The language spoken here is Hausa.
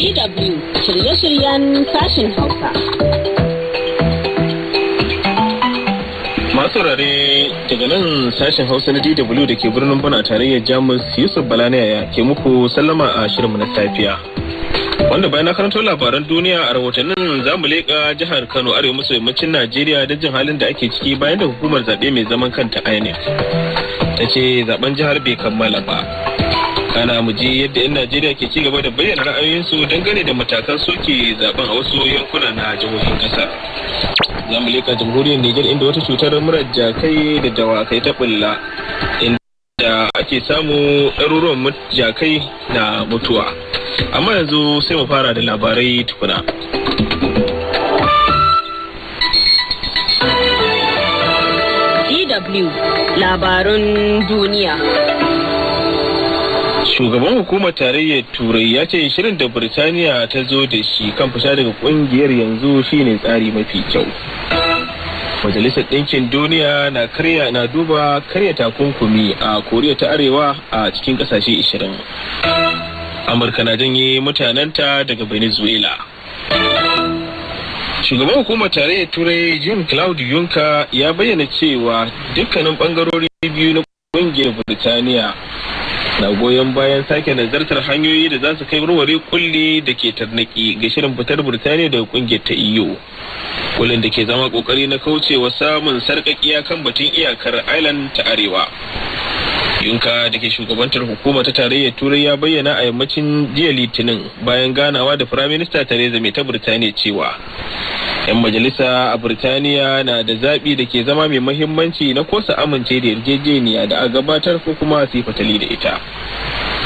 DW shirye-shiryen sashen Hausa. Masu rare daga nan sashen Hausa na DW da ke birnin Bana a tarayyar Jamus Yusuf Balaniya ke muku sallama a shirin na safiya. Wanda bayan na karanto labaran duniya a rahotannin za mu leƙa jihar Kano arewa maso yammacin Najeriya da jin halin da ake ciki bayan da hukumar zaɓe mai zaman kanta INEC ta ce zaben jihar bai kammala ba. kana mu ji yadda 'yan najeriya ke ci gaba da bayyana ra'ayoyinsu dangane da matakan soke zaben a wasu yankuna na jihohin kasa za mu leka jamhuriyar niger inda wata cutar murar jakai da dawakai ta bulla inda ake samu ɗaruruwan jakai na mutuwa amma yanzu sai mu fara da labarai tukuna DW labarun duniya shugaban hukumar tarayyar turai ya ce shirin da birtaniya ta zo da shi kan fita daga kungiyar yanzu shine tsari mafi kyau majalisar ɗinkin duniya na karya na duba karya takunkumi a koriya ta arewa a cikin ƙasashe 20 amurka na janye mutanenta daga venezuela shugaban hukumar tarayyar turai jim claude juncker ya bayyana cewa dukkanin bangarori biyu na kungiyar birtaniya na goyon bayan sake nazartar hanyoyi da za su kai warware kulle da ke tarnaki ga shirin fitar burtaniya daga kungiyar ta iyo e kullum da ke zama kokari na kaucewa samun sarkakiya kan batun iyakar island ta arewa yunka da ke shugabantar hukumar ta tarayyar turai ya bayyana a yammacin jiya litinin bayan ganawa da firaminista theresa mai ta burtaniya cewa 'yan majalisa a birtaniya na da zaɓi da ke zama mai mahimmanci na kosa amince da yarjejeniya da a gabatar ko kuma fatali da ita